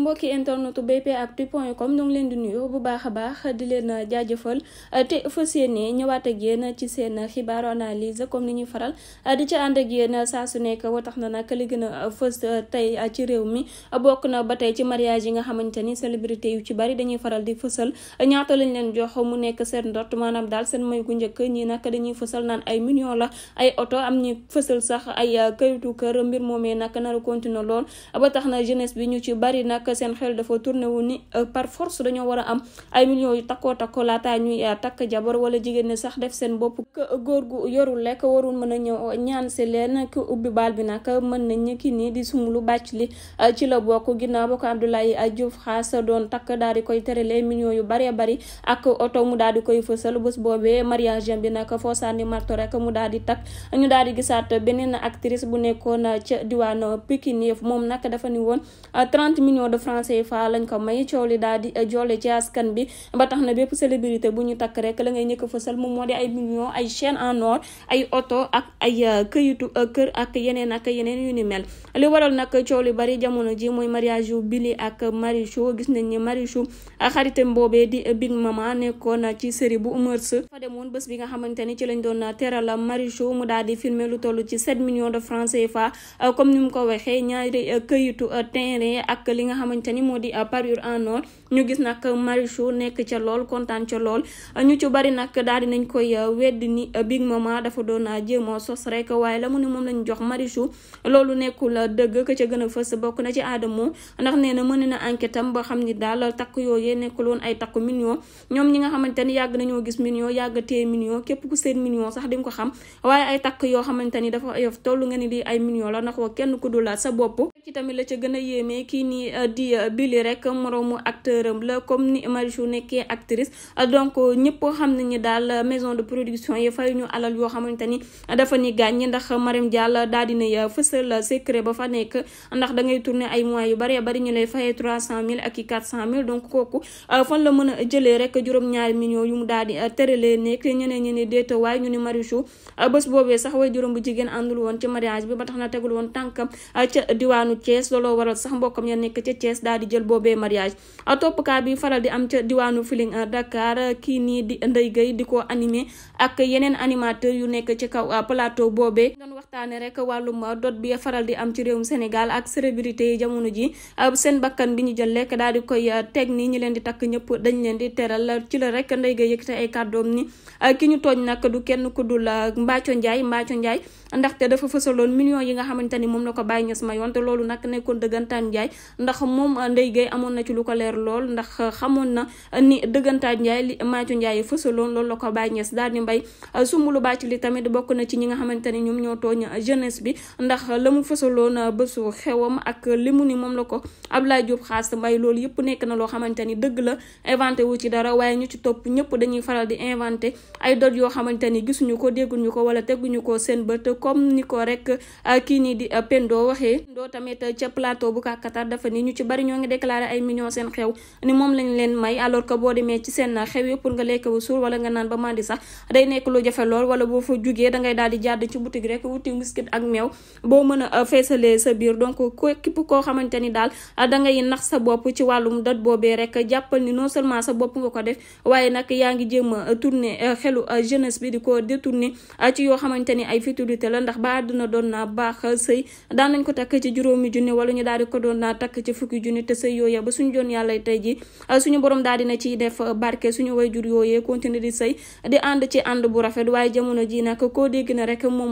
mbokki internetu bpactu point com ñu ngi leen di nuyu bu baax a baax di leen jaajëfal te fas yéene ñëwaat ak yéen ci seen xibaaru analyse comme ni ñuy faral di ci ànd ak yéen su nekk wa tax na nag li gën a fës tey ci réew mi bokk na ba tey ci mariage yi nga xamante ni célébrité yu ci bari dañuy faral di fësal ñaata lañ leen jox mu nekk seen ndort maanaam daal seen may gu njëkk ñi nag dañuy fësal naan ay million la ay oto am ñi fësal sax ay kayitu kër mbir moomee nag nar a continuer lool nag seen xel dafa tourné wu ni euh, par force dañoo war a am ay millions yu takkoo takkoo laataa ñuy euh, takk jabar wala jigéen ñi sax def seen bopp góor gu yorul lekk warul mën a ñëw ñaan si leen ki ubbi baal bi nag mën nañ ñi ki nii di sumulu bàcc li euh, ci la bokk ginnaaw ba ko Abdoulaye Diouf Xaas doon takk daal di koy terele millions yu bëree bëri ak oto mu daal di koy fësal bés boobee mariage bi nag foo sànni marto rek mu daal di takk ñu daal di gisaat beneen actrice bu nekkoon ca diwaan Pikine moom nag dafa ni woon 30 millions franc CFA lañ ko may coow li daal di eh, joole ci askan bi ba tax na bépp célébrité bu ñu takk rek la ngay ñëkk fësal moom moo di ay millions ay chaîne en or ay oto ak ay eh, këyitu eh, kër ak yeneen ak yeneen yu ni mel li waral nag coow li bari jamono ji mooy mariage yu Billy ak Marichou gis nañ ni Marichou xaritam boobee di Big Mama nekkoon ci série bu Mœurs fa demoon bés bi nga xamante ni ci lañ doon teral Marichou mu daal di filmer lu toll ci 7 de francs xamante ni moo di euh, parure en or ñu gis nag euh, Marichou nekk ca lool kontaan ca lool ñu ci bari nag daal di nañ koy euh, weddi ni Big Mama dafa doon jéemoo sos rek waaye la mu ne moom lañ jox Marichou loolu nekkul dëgg ka ca gën a fës bokk na ci Adamo ndax nee na mën na enquête am ba xam ni daal takk yooyee nekk woon ay takk million ñoom ñi nga xamante ni yàgg nañoo gis million yàgg tee million képp ku seen million sax di nga ko xam waaye ay takk yoo xamante ni dafa yof toll nga ni di ay ci tamit la ca gën a yéeme kii nii euh, di euh, Billy rek moroomu acteur am la comme ni Marichou nekkee actrice donc euh, ñëpp xam nañu daal maison de production yi fay ñu alal yoo xamante ni dafa ni gàññi ndax Marème Diall daal di nay fësal secret ba fa nekk ndax da ngay tourner ay mois yu bari bari ñu lay fayee trois cent mille ak i quatre cent mille donc kooku fan la a jëlee rek juróom-ñaari millions yu mu daal di tëralee nekk ñeneen ñi ne déeta waay ñu ni Marichou bés boobee sax way juróom bu jigéen àndul woon ci mariage bi ba tax na tegul woon tànkam ca diwaan diwaanu Thiès looloo waral sax mbokkam ya nekk ca Thiès daal di jël boobee mariage a toppkaa bi faral di am ca diwaanu Feeling Dakar kii nii di Ndeye Gueye di ko animé ak yeneen animateur yu nekk ci kaw ah, plateau boobee doon waxtaane rek wàllum dot bi faral di am ci réewum Sénégal ak célébrité yi jamono ji ah, seen bakkan bi ñu jël lekk daal di koy ah, teg ni ñi leen di takk ñëpp dañ leen di teral ci la rek Ndeye Gueye yëkkati ay kàddoom ni ki ñu tooñ nag du kenn ku dul Mbathio Ndiaye Mbathio Ndiaye ndaxte dafa fësaloon millions ni moom la ko loolu nag nekkoon dëggantaan Ndiaye ndax moom Ndeye Gueye amoon na ci lu ko leer lool ndax xamoon na ni dëggantaan Ndiaye li Mathio Ndiaye fësaloon loolu la ko Baye Niass daal di mbay sumbulu bàcc li tamit bokk na ci ñi nga xamante ne ñoom ñoo tooñ jeunesse bi ndax la mu fësaloon bésu xewam ak li mu ni moom la ko Abdoulaye Diop xaas mbay loolu yëpp nekk na loo xamante ni dëgg la inventé wu ci dara waaye ñu ci topp ñëpp dañuy faral di inventé ay dot yoo xamante ni gisuñu ko dégguñu ko wala tegguñu ko seen bët comme ni ko rek kii nii di Pendo waxee Pendo tamit tamit ca plateau bu kàkkatar dafa ni ñu ci bari ñoo ngi déclaré ay millions seen xew ni moom lañ leen may alors que boo demee ci seen xew yi pour nga lekk ba suur wala nga naan ba mandi sax day nekk lu jafe lool wala boo fa jugee dangay daal jàdd ci boutique rek wuti biscuit ak meew boo mën a euh, feesalee sa biir donc képp koo xamante ni daal euh, dangay nax sa bopp ci wàllum date boobee rek jàppal ni non seulement sa bopp nga ko def waaye nag yaa ngi jéem a euh, la ndax ba àdduna doon naa baax juróomi junni wala ñu di ko doon takk ci fukki junni te sëy yooya ba suñu doon yàlla tey ji suñu borom daal dina ciy def barke suñu wayjur na rek moom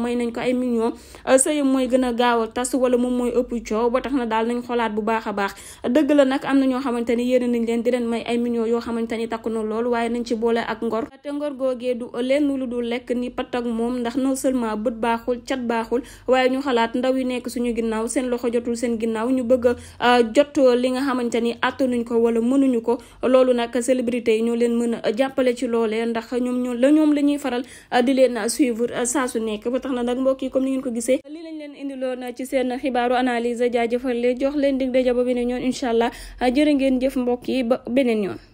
mooy gën a gaaw a tas wala moom mooy ëpp coow ba tax na daal nañ xolaat bu baax a baax dëgg la nag am na ñoo xamante ni yéene leen di leen may ay million yoo xamante ni takku na lool waaye nañ ci boole ak ngor te ngor googee du lenn lu dul lekk ni pat ak moom ndax non seulement bët baaxul cat baaxul waaye ñu xalaat ndaw yi nekk suñu ginnaaw seen loxo jotul seen ginnaaw ñu bëgga a euh, jot li nga xamante ni attanuñ ko wala mënuñu ko loolu nag célébrité yi ñoo leen mën a jàppale ci loolee ndax ñoom la ñoom la ñuy faral euh, di leen suivre euh, saa su nekk ba tax na nag mbokk yi comme ni ngeen ko gisee li lañ leen indiloo na ci seen xibaaru analyse jaajëfal leen jox leen dig daje ba beneen yoon incha allah jërë ngeen jëf mbokk yi ba beneen yoon